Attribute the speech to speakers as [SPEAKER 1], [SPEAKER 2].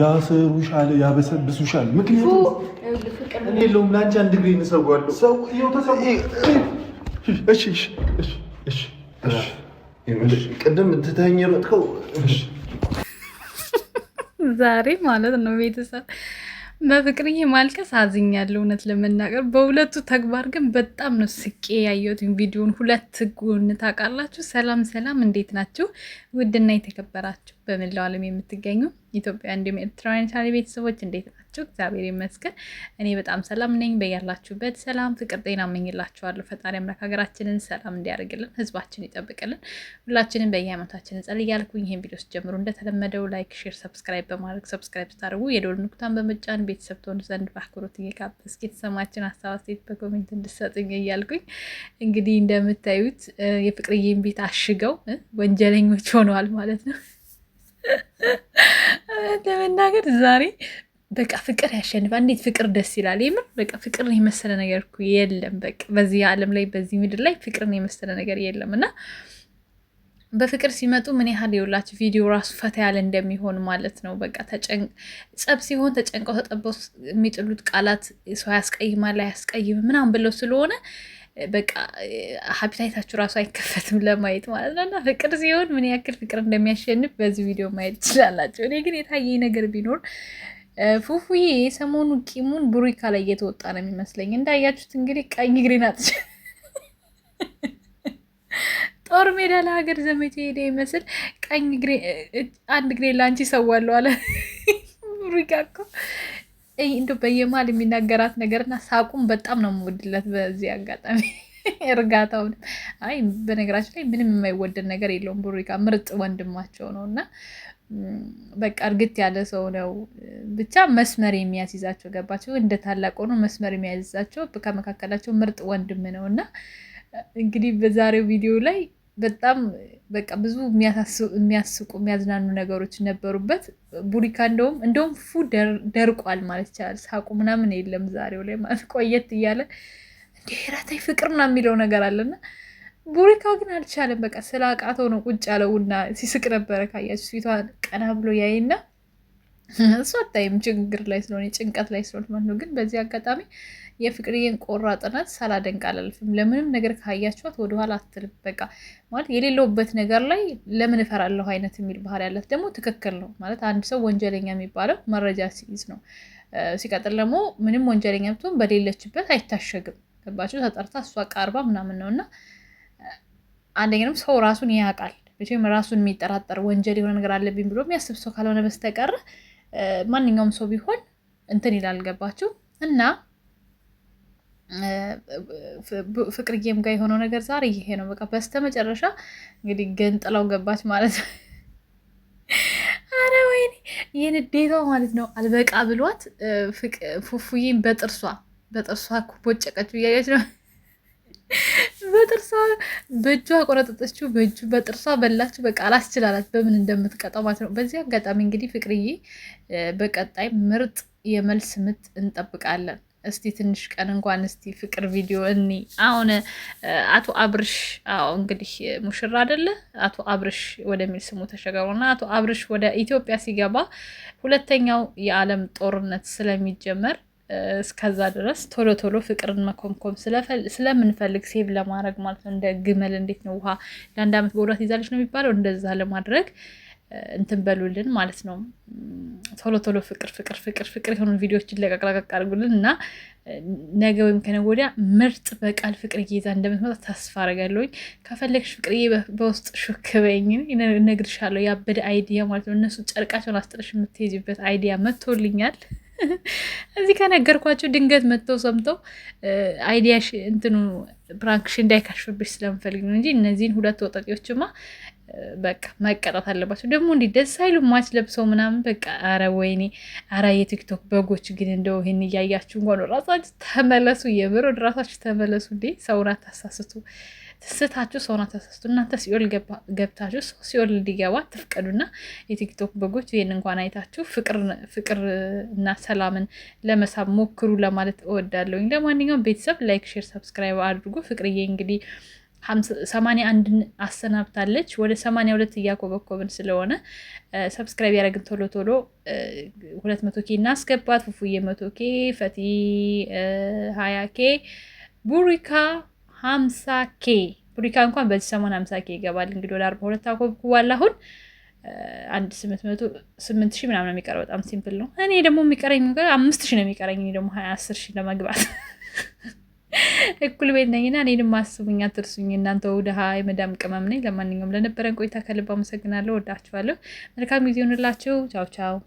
[SPEAKER 1] ያሰሩሻል፣ ያበሰብሱሻል። ምክንያቱም የለውም ለአንቺ አንድ እግሬ እንሰጓለሁ።
[SPEAKER 2] ዛሬ ማለት ነው ቤተሰብ በፍቅርዬ ማልቀስ አዝኛለሁ፣ እውነት ለመናገር በሁለቱ ተግባር ግን በጣም ነው ስቄ ያየት ቪዲዮን ሁለት ጎን ታውቃላችሁ። ሰላም ሰላም፣ እንዴት ናችሁ? ውድና የተከበራችሁ በመላው ዓለም የምትገኙ ኢትዮጵያ እንዲሁም ኤርትራውያን ቻናል ቤተሰቦች እንዴት ናቸው? እግዚአብሔር ይመስገን እኔ በጣም ሰላም ነኝ። በያላችሁበት ሰላም፣ ፍቅር፣ ጤና እመኝላችኋለሁ። ፈጣሪ አምላክ ሀገራችንን ሰላም እንዲያደርግልን ህዝባችን ይጠብቅልን። ሁላችንም በየሃይማኖታችን እንጸልይ እያልኩ ይህን ቪዲዮ ስጀምሩ እንደተለመደው ላይክ፣ ሼር፣ ሰብስክራይብ በማድረግ ሰብስክራይብ ስታደርጉ የደወል ምልክቱን በመጫን ቤተሰብ ትሆኑ ዘንድ በአክብሮት እየጋበዝኩ የተሰማችን ሀሳብ አስተያየት በኮሜንት እንድሰጡኝ እያልኩኝ እንግዲህ እንደምታዩት የፍቅርዬን ቤት አሽገው ወንጀለኞች ሆነዋል ማለት ነው። ለመናገር ዛሬ በቃ ፍቅር ያሸንፋል። እንዴት ፍቅር ደስ ይላል! የምር በቃ ፍቅርን የመሰለ ነገር እኮ የለም። በቃ በዚህ ዓለም ላይ በዚህ ምድር ላይ ፍቅርን የመሰለ ነገር የለም እና በፍቅር ሲመጡ ምን ያህል የውላችሁ ቪዲዮ ራሱ ፈታ ያለ እንደሚሆን ማለት ነው። በቃ ጸብ ሲሆን ተጨንቀው ተጠበው የሚጥሉት ቃላት ሰው ያስቀይማል አያስቀይም ምናምን ብለው ስለሆነ በቃ ሀፒታይታችሁ ራሱ አይከፈትም ለማየት ማለት ነው። እና ፍቅር ሲሆን ምን ያክል ፍቅር እንደሚያሸንፍ በዚህ ቪዲዮ ማየት ትችላላችሁ። እኔ ግን የታየኝ ነገር ቢኖር ፉፉዬ የሰሞኑ ቂሙን ብሩካ ላይ እየተወጣ ነው የሚመስለኝ። እንዳያችሁት እንግዲህ ቀኝ ግሬን አጥች ጦር ሜዳ ለሀገር ዘመቼ ሄደ ይመስል ቀኝ አንድ ግሬ ለአንቺ ይሰዋለሁ አለ ብሩካ እኮ እንዶ በየማል የሚናገራት ነገርና ሳቁም በጣም ነው የምወድለት። በዚህ አጋጣሚ እርጋታውን አይ በነገራችን ላይ ምንም የማይወደድ ነገር የለውም። ቡሪካ ምርጥ ወንድማቸው ነው እና በቃ እርግጥ ያለ ሰው ነው። ብቻ መስመር የሚያስይዛቸው ገባቸው። እንደ ታላቅ ሆኖ መስመር የሚያስይዛቸው ከመካከላቸው ምርጥ ወንድም ነው እና እንግዲህ በዛሬው ቪዲዮ ላይ በጣም በቃ ብዙ የሚያስቁ የሚያዝናኑ ነገሮች ነበሩበት። ቡሪካ እንደውም እንደውም ፉ ደርቋል ማለት ይቻላል። ሳቁ ምናምን የለም ዛሬው ላይ ማለት ቆየት እያለ እንዲ ራታይ ፍቅርና የሚለው ነገር አለና ቡሪካ ግን አልቻለም። በቃ ስለ አቃተው ነው ቁጭ ያለውና ሲስቅ ነበረ። ካያችሁ ፊቷ ቀና ብሎ ያይና እሱ አታይም ችግር ላይ ስለሆነ ጭንቀት ላይ ስለሆነ ማለት ነው። ግን በዚህ አጋጣሚ የፍቅርዬን ቆራጥነት ሳላደንቅ አላልፍም። ለምንም ነገር ካያችኋት ወደኋላ አትልም። በቃ ማለት የሌለውበት ነገር ላይ ለምን እፈራለሁ አይነት የሚል ባህል ያላት ደግሞ ትክክል ነው ማለት አንድ ሰው ወንጀለኛ የሚባለው መረጃ ሲይዝ ነው። ሲቀጥል ደግሞ ምንም ወንጀለኛ ብትሆን በሌለችበት አይታሸግም። ገባችሁ? ተጠርታ እሷ ቀርባ ምናምን ነው እና አንደኛም ሰው ራሱን ያውቃል። ራሱን የሚጠራጠር ወንጀል የሆነ ነገር አለብኝ ብሎ የሚያስብ ሰው ካልሆነ በስተቀር ማንኛውም ሰው ቢሆን እንትን ይላል። ገባችሁ? እና ፍቅርዬም ጋር የሆነው ነገር ዛሬ ይሄ ነው። በቃ በስተመጨረሻ እንግዲህ ገንጥላው ገባች ማለት ነው። አረ ወይኔ የንዴቷ ማለት ነው። አልበቃ ብሏት ፉፉዬን በጥርሷ በጥርሷ ኩቦጨቀች እያያች ነው በጥርሷ በእጇ አቆረጠጠችው፣ በእጁ በጥርሷ በላችሁ። በቃ አላስችላላት በምን እንደምትቀጣው ማለት ነው። በዚህ አጋጣሚ እንግዲህ ፍቅርዬ በቀጣይ ምርጥ የመልስ ምት እንጠብቃለን። እስቲ ትንሽ ቀን እንኳን እስቲ ፍቅር ቪዲዮ እኒ አሁን አቶ አብርሽ አዎ እንግዲህ ሙሽራ አይደለ አቶ አብርሽ ወደሚል ስሙ ተሸጋግሮና አቶ አብርሽ ወደ ኢትዮጵያ ሲገባ ሁለተኛው የዓለም ጦርነት ስለሚጀመር እስከዛ ድረስ ቶሎ ቶሎ ፍቅርን መኮምኮም ስለምንፈልግ ሴቭ ለማድረግ ማለት ነው። እንደ ግመል እንዴት ነው ውሃ ለአንድ ዓመት በሁለት ይዛለች ነው የሚባለው። እንደዛ ለማድረግ እንትን በሉልን ማለት ነው። ቶሎ ቶሎ ፍቅር ፍቅር ፍቅር ፍቅር የሆኑ ቪዲዮዎችን ለቀቅለቀቅ አድርጉልን እና ነገ ወይም ከነገ ወዲያ ምርጥ በቃል ፍቅር ይዛ እንደምትመጣ ተስፋ አደርጋለሁኝ። ከፈለግሽ ፍቅርዬ በውስጥ ሹክበኝ በይኝ እነግርሻለሁ። ያበደ አይዲያ ማለት ነው። እነሱ ጨርቃቸውን አስጥለሽ የምትሄጂበት አይዲያ መጥቶልኛል። እዚህ ከነገርኳቸው ድንገት መጥተው ሰምተው አይዲያሽ እንትኑ ፕራንክሽ እንዳይካሽፍብሽ ስለምፈልግ ነው እንጂ እነዚህን ሁለት ወጠቂዎችማ በቃ መቀጣት አለባቸው። ደግሞ እንዲህ ደስ አይሉም ማች ለብሰው ምናምን በቃ አረ ወይኔ፣ አረ የቲክቶክ በጎች ግን እንደው ይህን እያያችሁ እንኳን ራሳችሁ ተመለሱ። የምር ወደ ራሳችሁ ተመለሱ። እንዴ ሰውን አታሳስቱ። ስታችሁ ሰውና ተሰስቱ እናንተ ሲኦል ገብታችሁ ሰው ሲኦል እንዲገባ ትፍቀዱና የቲክቶክ በጎች ይህን እንኳን አይታችሁ ፍቅር እና ሰላምን ለመሳብ ሞክሩ ለማለት እወዳለሁኝ። ለማንኛውም ቤተሰብ ላይክ፣ ሼር፣ ሰብስክራይብ አድርጉ። ፍቅርዬ እንግዲህ ሰማንያ አንድን አሰናብታለች። ወደ ሰማንያ ሁለት እያኮበኮብን ስለሆነ ሰብስክራይብ ያደረግን ቶሎ ቶሎ ሁለት መቶ ኬ እናስገባት። ፉፉዬ መቶ ኬ ፈቲ ሀያ ኬ ቡሪካ ሀምሳ ኬ ቡሪካ እንኳን በዚህ ሰሞን ሀምሳ ኬ ይገባል። እንግዲህ ወደ አርባ ሁለት አኮብኩባል። አሁን አንድ ስምንት መቶ ስምንት ሺህ ምናምን የሚቀረው። በጣም ሲምፕል ነው። እኔ ደግሞ የሚቀረኝ ነገር አምስት ሺ ነው የሚቀረኝ። እኔ ደግሞ ሀያ አስር ሺህ ለመግባት እኩል ቤት ነኝና እኔንም አስቡኝ፣ አትርሱኝ። እናንተ ውድሃ የመዳም ቅመም ነኝ። ለማንኛውም ለነበረን ቆይታ ከልብ አመሰግናለሁ። ወዳችኋለሁ። መልካም ጊዜ ይሆንላችሁ። ቻው ቻው።